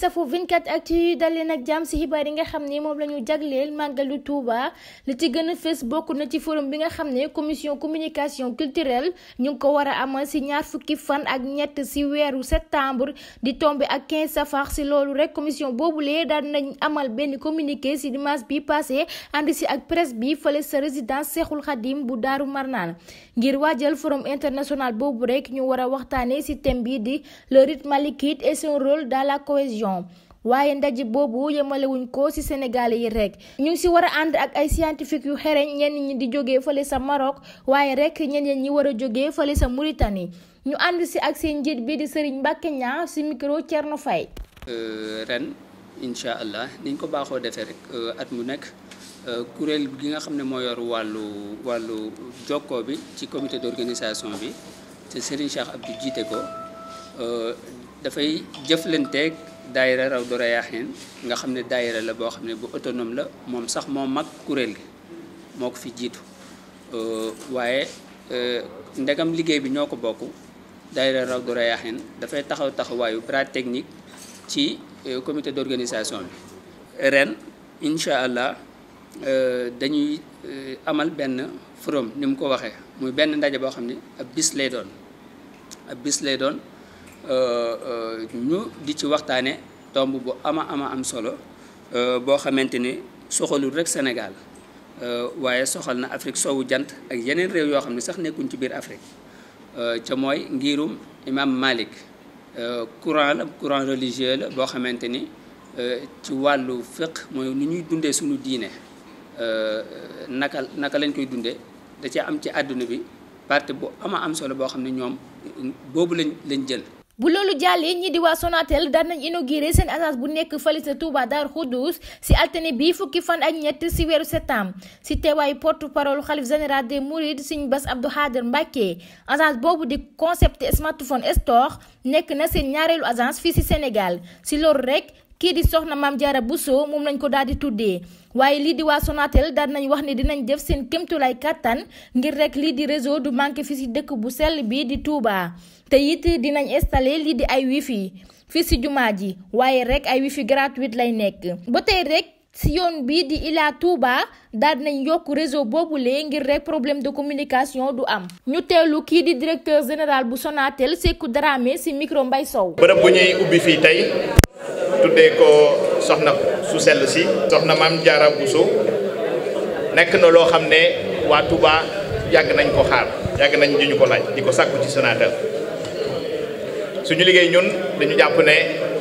safu 24 actu yi dal leen ak jàmm si xibaar nga xam ni moom la ñu jagleel màggalu Touba li ci gën a fës bokk na ci forum bi nga xam ne commission communication culturelle ñu ngi ko war a amal si ñaar fukki fan ak ñett si weeru septembre di tombe ak 15 safar si loolu rek commission boobulee daal nañ amal benn communiqué si dimanche bi passé ànd si ak presse bi fële sa résidence Seexul Xadim bu Daaru Marnaan ngir waajal forum international boobu rekk ñu war a waxtaanee si thème di le rite malikite et dans la cohésion élection waaye ndaj boobu yemalewuñ ko ci Sénégal yi rek ñu ngi ci war a ànd ak ay scientifique yu xereñ ñenn ñi di jógee fële sa Maroc waaye rek ñeneen ñi war a jógee fële sa muritani ñu ànd si ak seen njiit bi di Serigne Mbacké Niang ci micro Thierno Faye. Euh, ren incha allah niñ ko baaxoo defee rek euh, at mu nekk euh, kuréel gi nga xam ne moo yor wàllu wàllu jokkoo bi ci commité comité d'organisation bi te Serigne Cheikh Abdou jiite ko dafay jëflanteeg. daayira Rawdu Rayaahiin nga xam ne daayira la boo xam ne bu autonome la moom sax moo mag kuréel gi moo ko fi jiitu euh, waaye euh, ndegam liggéey bi ñoo ko bokk daayira Rawdu Rayaahiin dafay taxaw taxawaayu bras technique ci euh, comité d'organisation bi ren incha allah dañuy amal benn from ni mu ko waxee muy benn ndaje boo xam ne ab bis lay doon ab bis lay doon Euh, euh, ñu di ci waxtaane tomb bu ama ama am solo euh, boo xamante ni soxalul rek Sénégal waaye soxal na Afrique soowu jant ak yeneen réew yoo xam ne sax nekkuñ ci biir Afrique ca mooy ngirum imam Malik courant la courant religieux la boo xamante ni ci wàllu fiq mooy ni ñuy dundee suñu diine naka naka lañ koy dundee da ci am ci àdduna bi partie bu ama am solo boo xam ne ñoom boobu lañ lañ jël bu loolu jàllee ñi di waa Sonatel daan nañ inauguré seen agence bu nekk fële ca Touba Darou Khoudoss si altine bi fukki fan ak ñett si weeru septembre si teewaayu porte parole xalif général des Mourides Serigne Bass Abdou Khader Mbacké agence boobu di concept smartphone store nekk na seen ñaareelu agence fii si Sénégal si loolu rek. kii di soxna maam jaara soo moom nañ ko daal di tuddee waaye lii di waa Sonatel daal wax ne dinañ def seen kémtulaay kàttan ngir rek lii di réseau du manqué fi si dëkk bu sell bi di Touba te it dinañ installé lii di ay wifi fi si jumaa ji waaye rek ay wifi gratuite lay nekk ba tey rekk si yoon bi di Ila Touba daal nañ yokk réseau boobulee ngir rek problème de communication du am ñu teelu kii di directeur général bu Sonatel Sékou Dramé si micro Mbay tuddee ko soxna su sell si soxna maam Jaara Bousso nekk na loo xam ne waa Touba yàgg nañ ko xaar yàgg nañ di ñu ko laaj di ko sàkku ci Sonatel suñu liggéey ñun dañu jàpp ne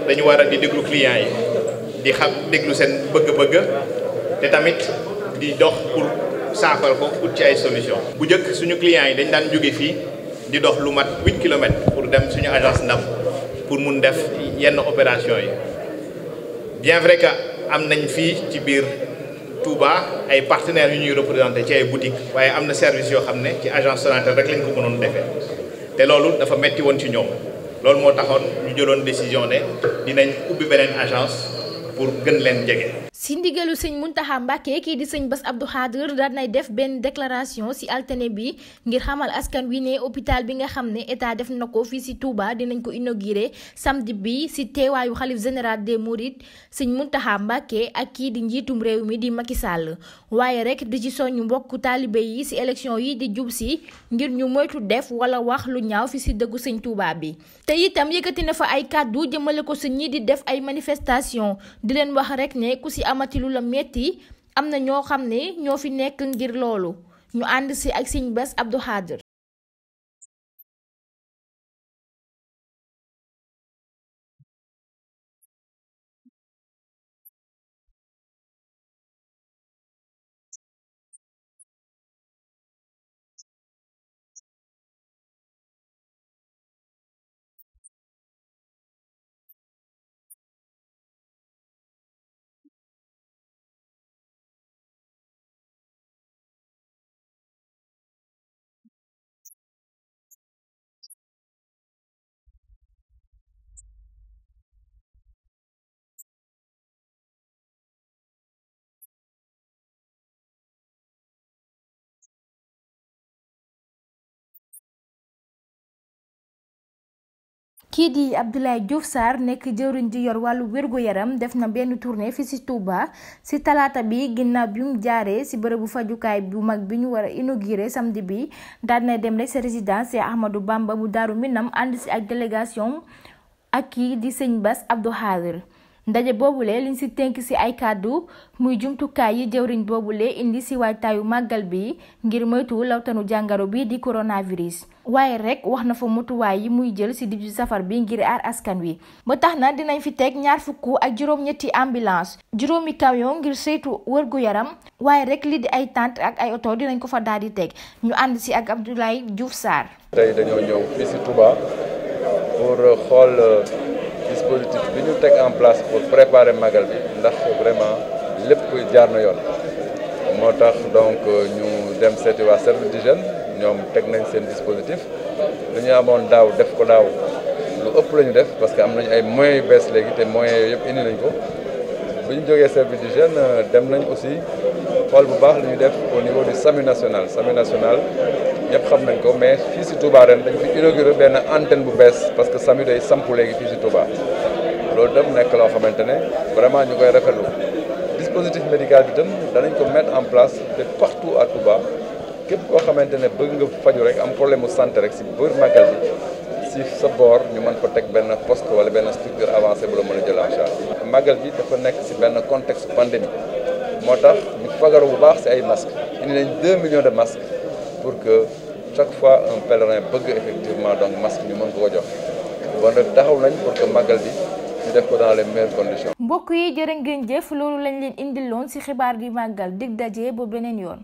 dañu war di déglu client yi di xam déglu seen bëgg-bëgg te tamit di dox pour saafal ko ut ci ay solution bu njëkk suñu client yi dañ daan jóge fii di dox lu mat 8 kilomètres pour dem suñu agence ndam pour mun def yenn opération yi bien vrai que am nañ fii ci biir Touba ay partenaires yu ñuy représenté ci ay boutiques waaye am na service yoo xam ne ci agence Sonatel rek lañ ko mënoon defee te loolu dafa metti woon ci ñoom loolu moo taxoon ñu jëloon décision ne dinañ ubbi beneen agence pour gën leen jege. si ndigalu sëñ Muntaxa Mbàkke kii di sëñ Bass Abdou Khadre nay def benn déclaration si altene bi ngir xamal askan wi ne hôpital bi nga xam ne état def na ko fii si Touba dinañ ko inauguré samedi bi si teewaayu xalif général des Mourides sëñ Muntaxa Mbàkke ak kii di njiitum réew mi di Macky Sall waaye rek di ci soññu mbokk taalibe yi si élection yi di jub si ngir ñu moytu def wala wax lu ñaaw fi si dëggu sëñ Touba bi te itam yëkkati na fa ay kàddu jëmale ko si ñi di def ay manifestation di leen wax amati lu la metti am na ñoo xam ne ñoo fi nekk ngir loolu ñu ànd si ak Serigne Bass Abdou Khadre kii di Abdoulaye Diouf saar nekk jëwriñ di yor wàllu wér yaram def na benn tournée fi ci Touba ci talaata bi ginnaaw bi jaaree ci bërëbu fajukaay bu mag bi ñu war a inauguré samedi bi daal na dem rek sa résidence Cheikh Bamba bu Daaru Minam ànd ci ak délégation ak kii di sëñ Bass Abdou Khadir ndaje boobu lee liñ ci tenk ci ay kàddu muy jumtukaay yi jëwriñ boobule indi si waajtaayu màggal bi ngir moytu lawtanu jàngaro bi di coronavirus waaye rek wax na fa mutuwaay yi muy jël ci diggu safar bi ngir aar askan wi ba tax na dinañ fi teg ñaar fukk ak juróom-ñetti ambulance juróomi camion ngir saytu wërgu yaram waaye rek lii di ay tente ak ay oto dinañ ko fa daal di teg ñu ànd si ak Abdoulaye Diouf Sarr. tey dañoo ñëw fii si Touba pour xool. dispositif bi ñu teg en place pour préparer magal bi ndax vraiment lépp jaar na yoon moo tax donc euh, ñu dem seeti waa service d'hygiène ñoom teg nañ seen dispositif lu ñu amoon daaw def ko daaw lu ëpp la ñu def parce que am nañu ay moyen yu bees léegi te moyens yooyu yëpp indi nañ ko bu ñu jógee service di d'hygiène euh, dem nañ aussi xool bu baax lu ñu def au niveau du SAMU national SAMU national ñëpp xam nañ ko mais fii si Touba ren dañ fi inauguré benn antenne bu bees parce que SAMU day sampu léegi fii si Touba loolu tam nekk loo xamante ne vraiment ñu koy rafetlu dispositif médical bi tam danañ ko mettre en place de partout à Touba képp koo xamante ne bëgg nga faju rek am problème mu santé rek si bër màggal bi si sa boor ñu mën ko teg benn poste wala benn structure avancée bu la mën a jël en charge màggal bi dafa nekk si benn contexte pandémie moo tax ñu bu baax si ay masques indi de masques pour que chaque fois un pèlerin bëgg effectivement donc masque ñu mën ko ko jox bon nag taxaw nañ pour que màggal bi ñu def ko dans les meilleures conditions. mbokk yi jërë ngeen jëf loolu lañ leen loon ci xibaar di màggal dig daje ba beneen yoon.